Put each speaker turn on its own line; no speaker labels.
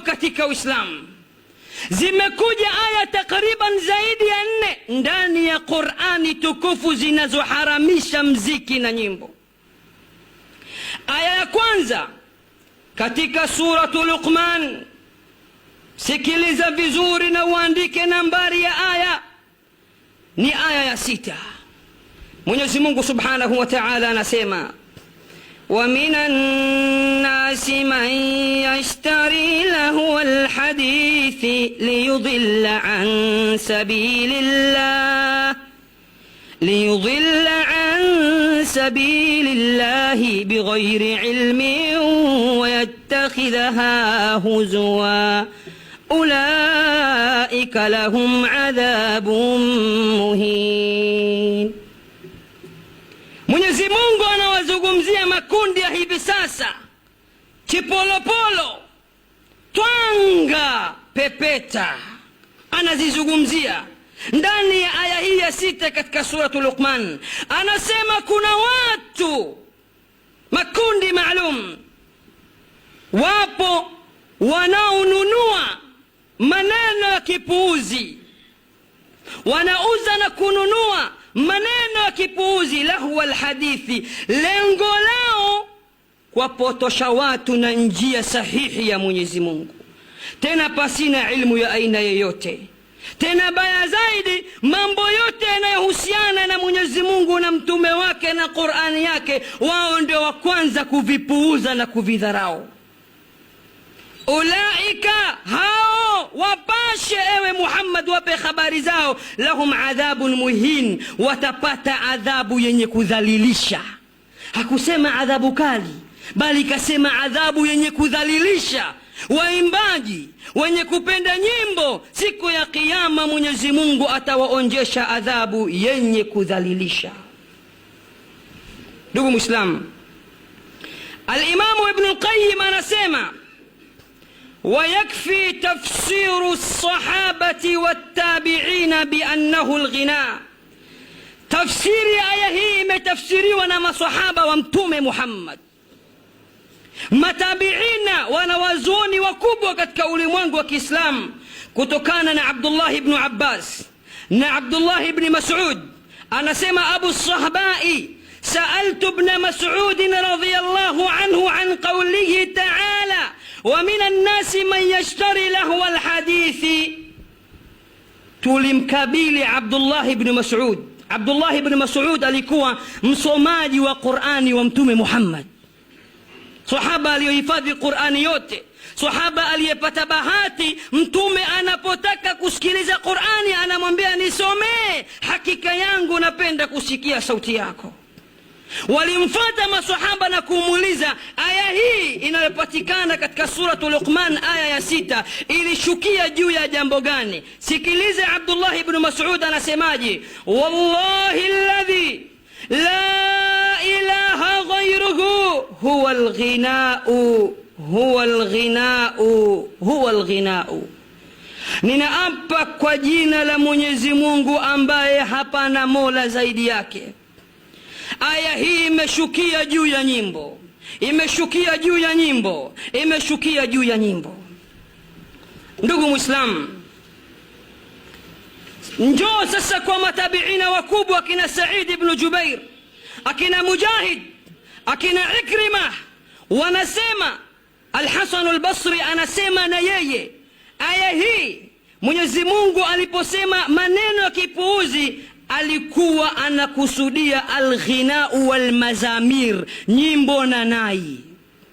katika Uislamu. Zimekuja aya takriban zaidi ya nne ndani ya Qur'ani tukufu zinazoharamisha mziki na nyimbo. Aya ya kwanza katika suratu Luqman, sikiliza vizuri na uandike nambari ya aya, ni aya ya sita. Mwenyezi Mungu Subhanahu wa Ta'ala anasema ومن الناس من يشتري لهو الحديث ليضل عن سبيل الله ليضل عن سبيل الله بغير علم ويتخذها هزوا أولئك لهم عذاب مهين Mwenyezi Mungu زي مكو hivi sasa kipolopolo twanga pepeta anazizungumzia ndani ya aya hii ya sita katika suratu Luqman. Anasema kuna watu makundi maalum, wapo wanaonunua maneno ya kipuuzi, wanauza na kununua maneno ya kipuuzi, lahwa lhadithi lengo lao kuwapotosha watu na njia sahihi ya Mwenyezi Mungu, tena pasina ilmu ya aina yeyote. Tena baya zaidi, mambo yote yanayohusiana na Mwenyezi Mungu na mtume wake na Qur'ani yake, wao ndio wa kwanza kuvipuuza na kuvidharau. Ulaika, hao wapashe, ewe Muhammad, wape habari zao, lahum adhabun muhin, watapata adhabu yenye kudhalilisha. Hakusema adhabu kali bali ikasema adhabu yenye kudhalilisha waimbaji wenye kupenda nyimbo. Siku ya Kiyama Mwenyezi Mungu atawaonjesha adhabu yenye kudhalilisha. Ndugu Mwislamu, Alimamu Ibnu Lqayim anasema wayakfi tafsiru lsahabati wattabiina biannahu lghina, tafsiri aya hii imetafsiriwa na masahaba wa Mtume Muhammad matabiina wanawazuoni wakubwa katika ulimwengu wa Kiislamu kutokana na Abdullah ibn Abbas na Abdullah ibn Mas'ud. Anasema Abu Sahbai, saaltu ibn Mas'ud radhiyallahu anhu an qawlihi ta'ala wa minan nasi man yashtari lahwa alhadithi. Tulimkabili Abdullah ibn Mas'ud. Abdullah ibn Mas'ud alikuwa msomaji wa Qur'ani wa Mtume Muhammad sahaba aliyohifadhi Qur'ani yote, sahaba aliyepata bahati, mtume anapotaka kusikiliza Qur'ani anamwambia nisomee, hakika yangu napenda kusikia sauti yako. Walimfuata masahaba na kumuuliza, aya hii inayopatikana katika suratu Luqman aya ya sita ilishukia juu ya jambo gani? Sikilize Abdullah ibn Mas'ud anasemaje, wallahi alladhi la ilaha huwa alghinau huwa alghinau huwa alghinau, ninaapa kwa jina la Mwenyezi Mungu ambaye hapana mola zaidi yake. Aya hii imeshukia juu ya nyimbo, imeshukia juu ya nyimbo, imeshukia juu ya nyimbo. Ndugu mwislamu njoo sasa kwa matabiina wakubwa, akina saidi bnu Jubair, akina Mujahid akina Ikrima wanasema, Alhasan Albasri anasema na yeye, aya hii Mwenyezi Mungu aliposema maneno ya kipuuzi alikuwa anakusudia alghinau walmazamir, nyimbo na nai.